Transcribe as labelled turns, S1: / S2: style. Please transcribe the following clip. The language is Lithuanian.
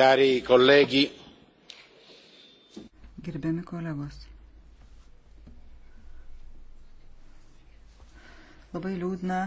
S1: Cari colleghi.
S2: Gerbiami kolegos. Labai liūdna